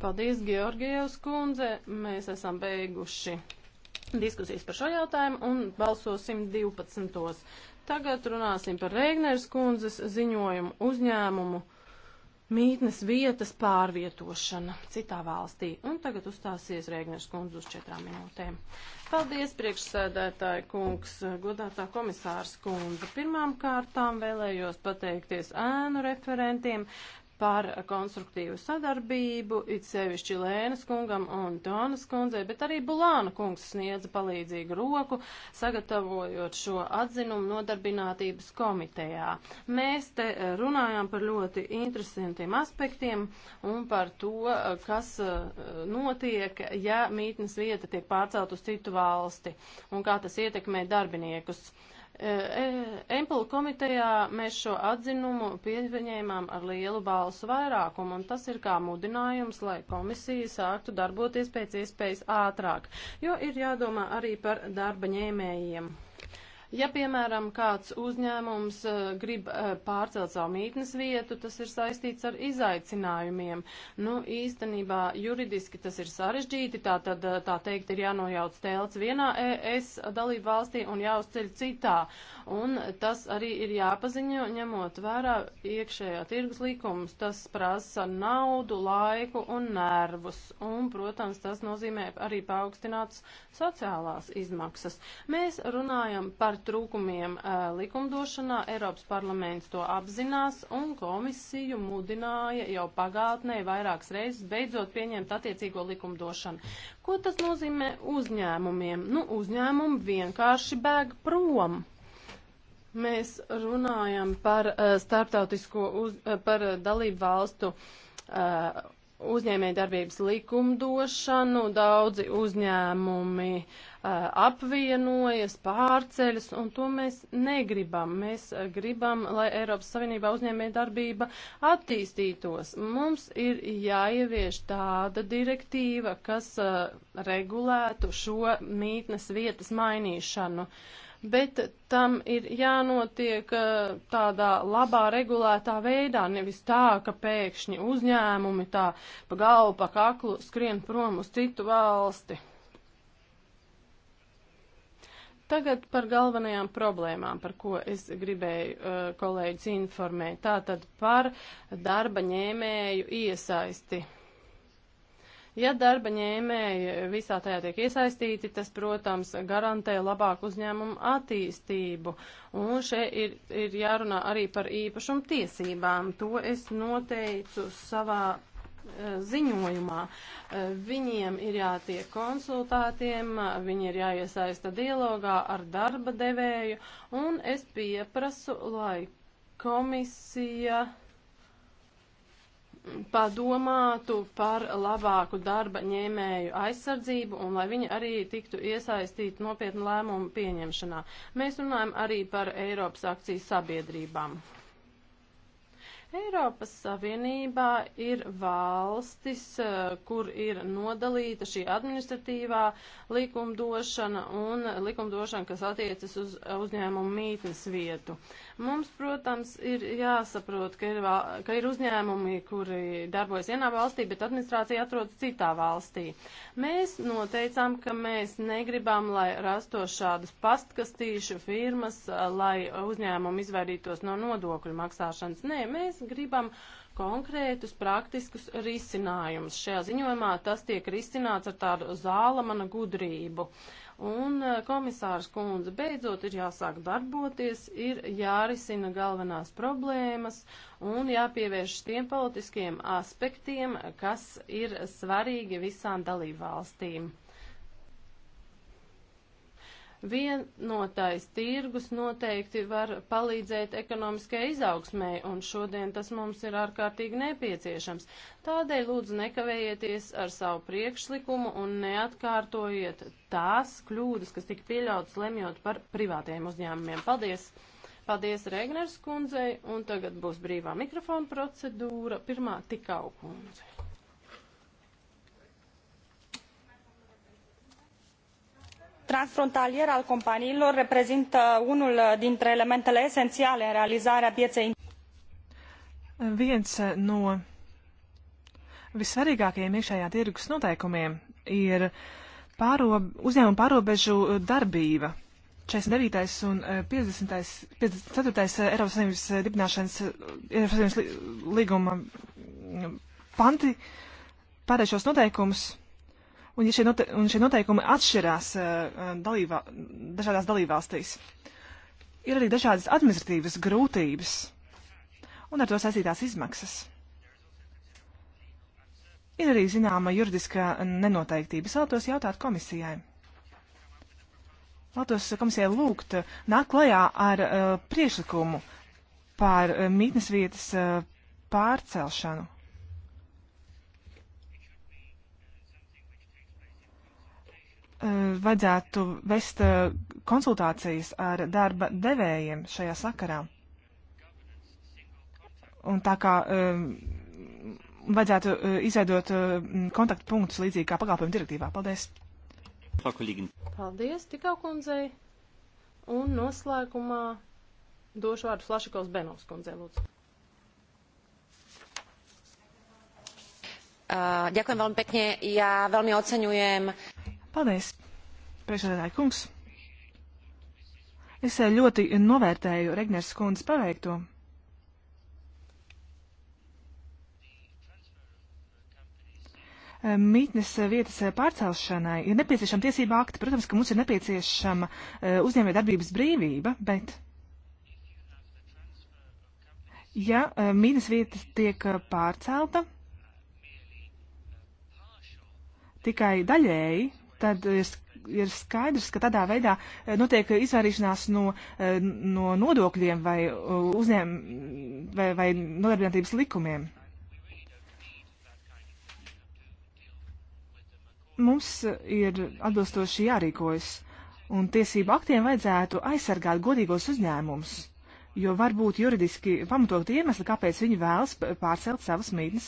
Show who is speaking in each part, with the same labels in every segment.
Speaker 1: Paldies, Georgijevs kundze. Mēs esam beiguši diskusijas par šo jautājumu un balsosim 12. Tagad runāsim par Rēgneres kundzes ziņojumu uzņēmumu mītnes vietas pārvietošana citā valstī. Un tagad uzstāsies Rēgnes kundze uz četrām minūtēm. Paldies, priekšsēdētāji kungs, godātā komisārs kundze. Pirmām kārtām vēlējos pateikties ēnu referentiem par konstruktīvu sadarbību, it sevišķi Lēnas kungam un Tonas kundzei, bet arī Bulāna kungs sniedza palīdzīgu roku, sagatavojot šo atzinumu nodarbinātības komitejā. Mēs te eh, runājām par ļoti interesantiem aspektiem un par to, eh, kas eh, notiek, ja mītnes vieta tiek pārcelt uz citu valsti un kā tas ietekmē darbiniekus. Uh, E, e, Empulu komitejā mēs šo atzinumu pieņēmām ar lielu balsu vairākumu, un tas ir kā mudinājums, lai komisija sāktu darboties pēc iespējas ātrāk, jo ir jādomā arī par darba ņēmējiem. Ja, piemēram, kāds uzņēmums uh, grib uh, pārcelt savu mītnes vietu, tas ir saistīts ar izaicinājumiem. Nu, īstenībā juridiski tas ir sarežģīti, tā tad, uh, tā teikt, ir jānojauc tēlts vienā ES dalību valstī un jāuzceļ citā un tas arī ir jāpaziņo, ņemot vērā iekšējā tirgus likums. Tas prasa naudu, laiku un nervus, un, protams, tas nozīmē arī paaugstināts sociālās izmaksas. Mēs runājam par trūkumiem uh, likumdošanā, Eiropas parlaments to apzinās, un komisiju mudināja jau pagātnē vairākas reizes beidzot pieņemt attiecīgo likumdošanu. Ko tas nozīmē uzņēmumiem? Nu, uzņēmumi vienkārši bēg prom. Mēs runājam par uh, starptautisko, uz, uh, par uh, dalību valstu uh, uzņēmējdarbības likumdošanu, daudzi uzņēmumi uh, apvienojas, pārceļas, un to mēs negribam. Mēs uh, gribam, lai Eiropas Savienībā uzņēmējdarbība attīstītos. Mums ir jāievieš tāda direktīva, kas uh, regulētu šo mītnes vietas mainīšanu. Uh, bet tam ir jānotiek eh, tādā labā regulētā veidā, nevis tā, ka pēkšņi uzņēmumi tā pa galvu, pa kaklu skrien prom uz citu valsti. Tagad par galvenajām problēmām, par ko es gribēju uh, kolēģis informēt. Tātad par darba ņēmēju iesaisti. Ja darba ņēmēji visā tajā tiek iesaistīti, tas, protams, garantē labāku uzņēmumu attīstību. Un šeit ir, ir jārunā arī par īpašumu tiesībām. To es noteicu savā e, ziņojumā. E, viņiem ir jātiek konsultātiem, viņi ir jāiesaista dialogā ar darba devēju, un es pieprasu, lai komisija uh, padomātu par labāku darba ņēmēju aizsardzību un lai viņi arī tiktu iesaistīti nopietnu lēmumu pieņemšanā. Mēs runājam arī par Eiropas akcijas sabiedrībām. Eiropas Savienībā ir valstis, eh, kur ir nodalīta šī administratīvā likumdošana un likumdošana, kas attiecas uz uzņēmumu mītnes vietu. Uh, Mums, protams, ir jāsaprot, ka ir, ka ir uzņēmumi, kuri darbojas vienā valstī, bet administrācija atrodas citā valstī. Mēs noteicām, ka mēs negribam, lai rastos šādas pastkastīšu firmas, lai uzņēmumi izvairītos no nodokļu maksāšanas. Nē, mēs gribam konkrētus praktiskus risinājumus. Šajā ziņojumā tas tiek risināts ar tādu zāla mana gudrību. Un eh, komisārs kundze beidzot ir jāsāk darboties, ir jārisina galvenās problēmas un jāpievērš tiem politiskiem aspektiem, kas ir svarīgi visām dalībvalstīm. Vienotais tirgus noteikti var palīdzēt ekonomiskai izaugsmai, un šodien tas mums ir ārkārtīgi nepieciešams. Tādēļ lūdzu nekavējieties ar savu priekšlikumu un neatkārtojiet tās kļūdas, kas tika pieļautas lemjot par privātiem uzņēmumiem. Paldies! Paldies Regners kundzei, un tagad būs brīvā mikrofona procedūra. Pirmā tikau kundze.
Speaker 2: transfrontalier al companiilor reprezintă unul dintre elementele esențiale în realizarea pieței.
Speaker 3: Viens no visvarīgākajiem iekšējā tirgus noteikumiem ir pārob, uzņēmuma pārobežu darbība. 49. un 50. Eh, 54. Eh, Eiropas Savienības eh, dibināšanas Eiropas Savienības līguma mm, panti pārēšos noteikumus un, ja šie, note, un šie noteikumi atšķirās eh, eh, dalībā, dažādās dalībvalstīs. Ir arī dažādas administratīvas grūtības un ar to saistītās izmaksas. Ir arī zināma juridiska nenoteiktība. Es vēlētos jautāt komisijai. Vēlētos komisijai lūgt eh, nāk klajā ar uh, priešlikumu par uh, mītnes vietas uh, pārcelšanu. Eh, vajadzētu vest eh, konsultācijas ar darba devējiem šajā sakarā. Un tā kā eh, vajadzētu izveidot kontaktpunktus līdzīgi kā pakalpojumu direktīvā. Paldies!
Speaker 1: Paldies, tikau kundzei! Un noslēgumā došu vārdu Flašikovs Benovs kundzei, lūdzu.
Speaker 3: Ďakujem veľmi pekne. Ja veľmi oceňujem Paldies, priekšsēdētāji kungs. Es eh, ļoti novērtēju Regners kundzes paveikto. Eh, mītnes eh, vietas pārcelšanai ir nepieciešama tiesība akti. Protams, ka mums ir nepieciešama uzņēmē darbības brīvība, bet. Ja mītnes vietas tiek pārcelta tikai daļēji, tad ir, ir skaidrs, ka tādā veidā e, notiek izvairīšanās no, e, no nodokļiem vai, e, uzņēm, vai, vai nodarbinātības likumiem. Mums ir atbilstoši jārīkojas, un tiesību aktiem vajadzētu aizsargāt godīgos uzņēmumus, jo var būt juridiski pamatot iemesli, kāpēc viņi vēlas pārcelt savas mītnes,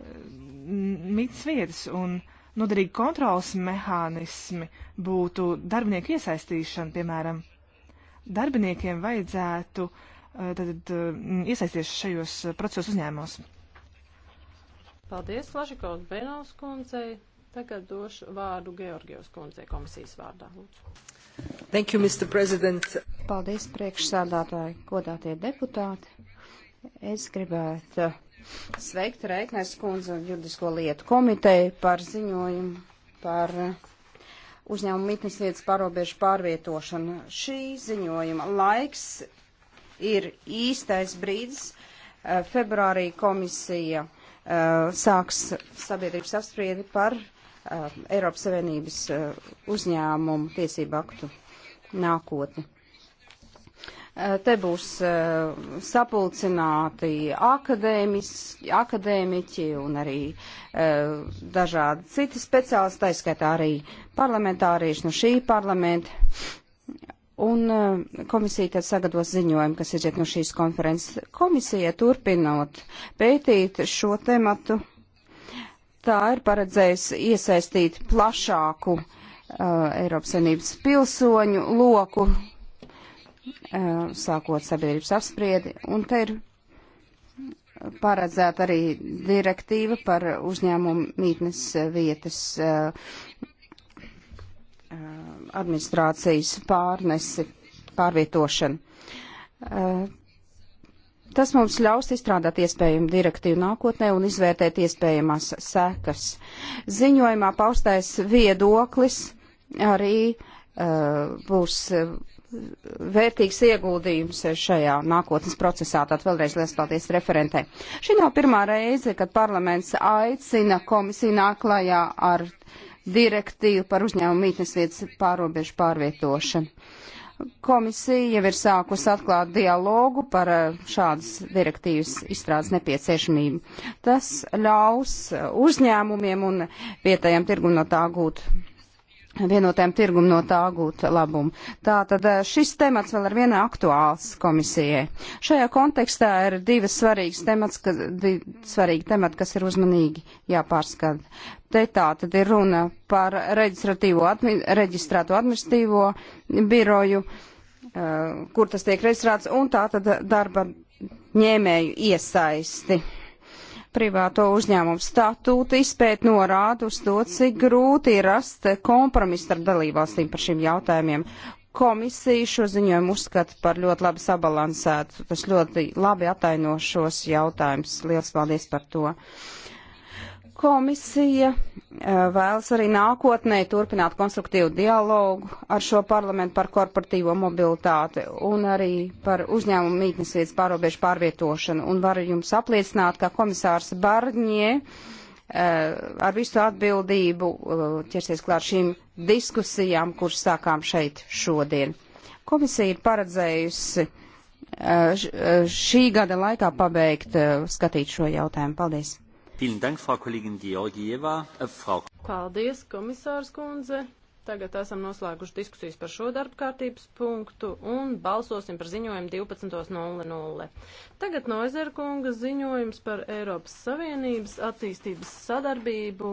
Speaker 3: mītnes vietas. Un, uh, noderīgi kontrols mehānismi būtu darbinieku iesaistīšana, piemēram. Darbiniekiem vajadzētu eh, tad, eh, iesaisties šajos eh, procesos uzņēmumos.
Speaker 1: Paldies, Lašikovs Benovs kundzei. Tagad došu vārdu Georgijos kundzei komisijas vārdā. Lūdzu.
Speaker 2: Thank you, Mr. President. Paldies, priekšsādātāji, godātie deputāti. Es gribētu sveikt Rēknes kundze un juridisko lietu komiteju par ziņojumu par uh, uzņēmumu mitnes vietas pārobežu pārvietošanu. Šī ziņojuma laiks ir īstais brīdis. Uh, februārī komisija uh, sāks sabiedrības apspriedi par Eiropas Savienības uzņēmumu tiesību aktu nākotni. Eh, te būs eh, sapulcināti akadēmiķi un arī eh, dažādi citi speciālisti, taiskaitā arī parlamentārieši no šī parlamenta. Un komisija tad sagados ziņojumu, kas iziet no šīs konferences. Komisija turpinot pētīt šo tematu, tā ir paredzējusi iesaistīt plašāku uh, Eiropas Savienības pilsoņu loku Eh, sākot sabiedrības apspriedi, un te ir paredzēta arī direktīva par uzņēmumu mītnes eh, vietas eh, administrācijas pārnesi, pārvietošanu. Tas mums ļaus izstrādāt iespējumu direktīvu nākotnē un izvērtēt iespējamās sekas. Ziņojumā paustais viedoklis arī uh, būs vērtīgs ieguldījums šajā nākotnes procesā. Tātad vēlreiz liels paldies referentē. Šī nav pirmā reize, kad parlaments aicina komisiju nāklājā ar direktīvu par uzņēmumu mītnes vietas pārobežu pārvietošanu. Komisija jau ir sākus atklāt dialogu par eh, šādas direktīvas izstrādes nepieciešamību. Tas ļaus uzņēmumiem un vietējiem tirgu no tā gūt vienotēm tirgum no tā gūt labumu. Tātad eh, šis temats vēl ar vienu aktuāls komisijai. Šajā kontekstā ir divas svarīgas temats, ka, divi svarīgi temati, kas ir uzmanīgi jāpārskata. Te tātad ir runa par reģistratīvo, admi, reģistrāto administratīvo biroju, eh, kur tas tiek reģistrēts, un tātad darba ņēmēju iesaisti privāto uzņēmumu statūtu izpēt norāda uz to, cik grūti ir rast kompromisu starp dalībvalstīm par šiem jautājumiem. Komisija šo ziņojumu uzskata par ļoti labi sabalansētu. Tas ļoti labi ataino šos jautājumus. Lielas paldies par to. Uh, Komisija eh, vēlas arī nākotnē turpināt konstruktīvu dialogu ar šo parlamentu par korporatīvo mobilitāti un arī par uzņēmumu mītnes vietas pārobežu pārvietošanu. Un varu jums apliecināt, ka komisārs Barņie eh, ar visu atbildību eh, ķersies klāt šīm diskusijām, kuras sākām šeit šodien. Komisija ir paredzējusi šī gada laikā pabeigt skatīt šo jautājumu. Paldies! Äh,
Speaker 1: Paldies, komisārs kundze. Tagad esam noslēguši diskusijas par šo darba kārtības punktu un balsosim par ziņojumu 12.00. Tagad Noizerkunga ziņojums par Eiropas Savienības attīstības sadarbību.